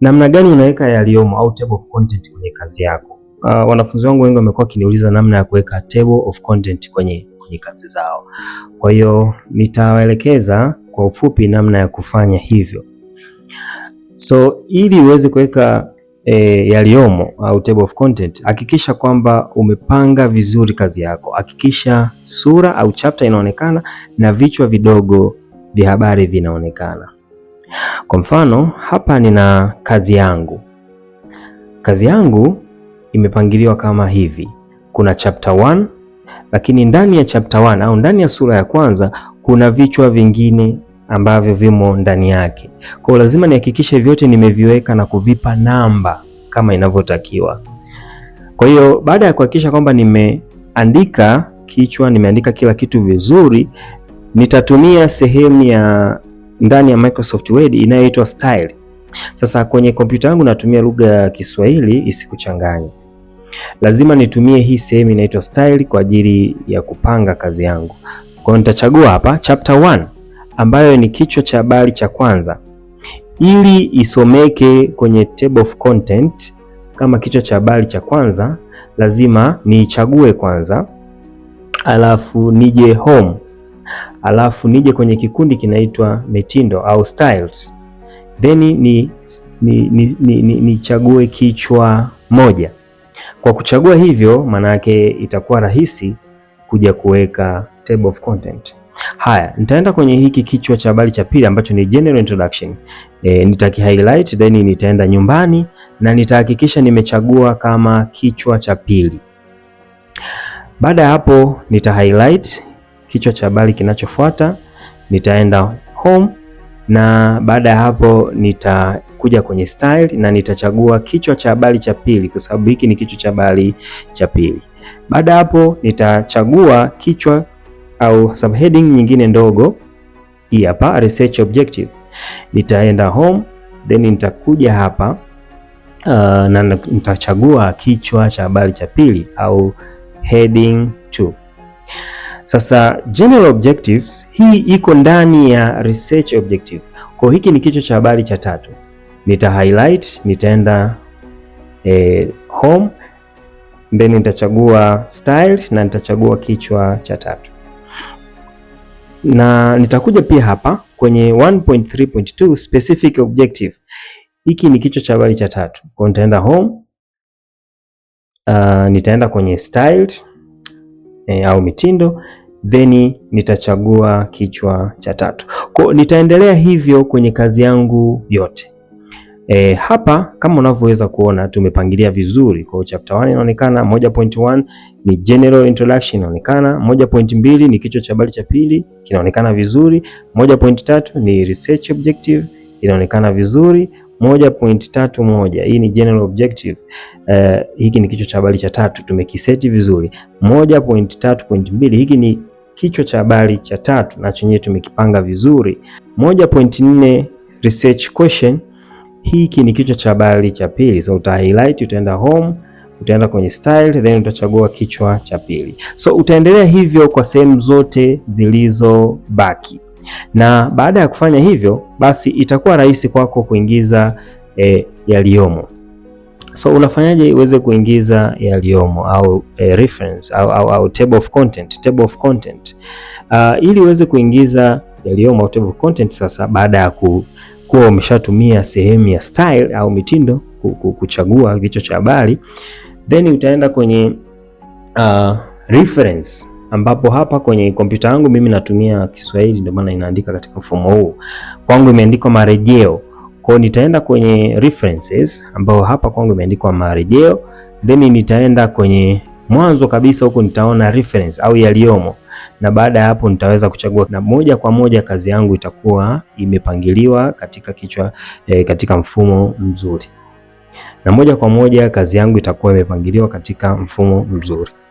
Namna gani unaweka yaliyomo au table of content kwenye kazi yako? Uh, wanafunzi wangu wengi wamekuwa wakiniuliza namna ya kuweka table of content kwenye, kwenye kazi zao. Kwa hiyo nitawaelekeza kwa ufupi namna ya kufanya hivyo. So ili uweze kuweka E, yaliyomo au table of content, hakikisha kwamba umepanga vizuri kazi yako. Hakikisha sura au chapter inaonekana na vichwa vidogo vya habari vinaonekana. Kwa mfano hapa nina kazi yangu. Kazi yangu imepangiliwa kama hivi, kuna chapter 1 lakini ndani ya chapter 1 au ndani ya sura ya kwanza kuna vichwa vingine ambavyo vimo ndani yake. Kwa hiyo lazima nihakikishe vyote nimeviweka na kuvipa namba kama inavyotakiwa. Kwa hiyo baada ya kuhakikisha kwamba nimeandika kichwa, nimeandika kila kitu vizuri, nitatumia sehemu ya ndani ya Microsoft Word inayoitwa style. Sasa kwenye kompyuta yangu natumia lugha ya Kiswahili isikuchanganye. Lazima nitumie hii sehemu inaitwa style kwa ajili ya kupanga kazi yangu. Kwa hiyo nitachagua hapa chapter 1 ambayo ni kichwa cha habari cha kwanza ili isomeke kwenye table of content kama kichwa cha habari cha kwanza, lazima niichague kwanza, alafu nije home alafu nije kwenye kikundi kinaitwa mitindo au styles, then ni, ni, ni, ni, ni, nichague kichwa moja. Kwa kuchagua hivyo, maana yake itakuwa rahisi kuja kuweka table of content. Haya, nitaenda kwenye hiki kichwa cha habari cha pili ambacho ni general introduction. E, nitaki highlight then nitaenda nyumbani na nitahakikisha nimechagua kama kichwa cha pili. Baada ya hapo nita highlight kichwa cha habari kinachofuata, nitaenda home na baada ya hapo nitakuja kwenye style na nitachagua kichwa cha habari cha pili, kwa sababu hiki ni kichwa cha habari cha pili. Baada ya hapo nitachagua kichwa au subheading nyingine ndogo, hii hapa research objective. Nitaenda home then nitakuja hapa uh, na nitachagua kichwa cha habari cha pili au heading 2. Sasa general objectives hii iko ndani ya research objective. Kwa hiki ni kichwa cha habari cha tatu. Nita highlight, nitaenda eh, home then nitachagua style na nitachagua kichwa cha tatu, na nitakuja pia hapa kwenye 1.3.2 specific objective. Hiki ni kichwa cha habari cha tatu. Kwa nitaenda home, uh, nitaenda kwenye styled e, au mitindo then nitachagua kichwa cha tatu. Kwa nitaendelea hivyo kwenye kazi yangu yote. E, hapa kama unavyoweza kuona tumepangilia vizuri. Kwa chapter 1 inaonekana 1.1 ni general introduction inaonekana, 1.2 ni kichwa cha habari cha pili kinaonekana vizuri, 1.3 ni research objective inaonekana vizuri. Moja point tatu moja, hii ni general objective. Uh, hiki ni kichwa cha habari cha tatu, tumekiseti vizuri. Moja point tatu point mbili, hiki ni kichwa cha habari cha tatu na chenyewe tumekipanga vizuri. Moja point nne research question, hiki ni kichwa cha habari cha pili, so uta highlight, utaenda home utaenda kwenye style then utachagua kichwa cha pili. So utaendelea hivyo kwa sehemu zote zilizobaki na baada ya kufanya hivyo, basi itakuwa rahisi kwako kuingiza e, yaliyomo. So unafanyaje uweze kuingiza yaliyomo au e, reference au, au, au table of content, table of content. Uh, ili uweze kuingiza yaliyomo au table of content sasa, baada ya ku, kuwa umeshatumia sehemu ya style au mitindo kuchagua kichwa cha habari, then utaenda kwenye uh, reference ambapo hapa kwenye kompyuta yangu mimi natumia Kiswahili ndio maana inaandika katika mfumo huu. Kwangu imeandikwa marejeo. Kwa nitaenda kwenye references ambao hapa kwangu imeandikwa marejeo, then nitaenda kwenye mwanzo kabisa huko nitaona reference au yaliyomo, na baada ya hapo nitaweza kuchagua, na moja kwa moja kazi yangu itakuwa imepangiliwa katika kichwa eh, katika mfumo mzuri, na moja kwa moja kazi yangu itakuwa imepangiliwa katika mfumo mzuri.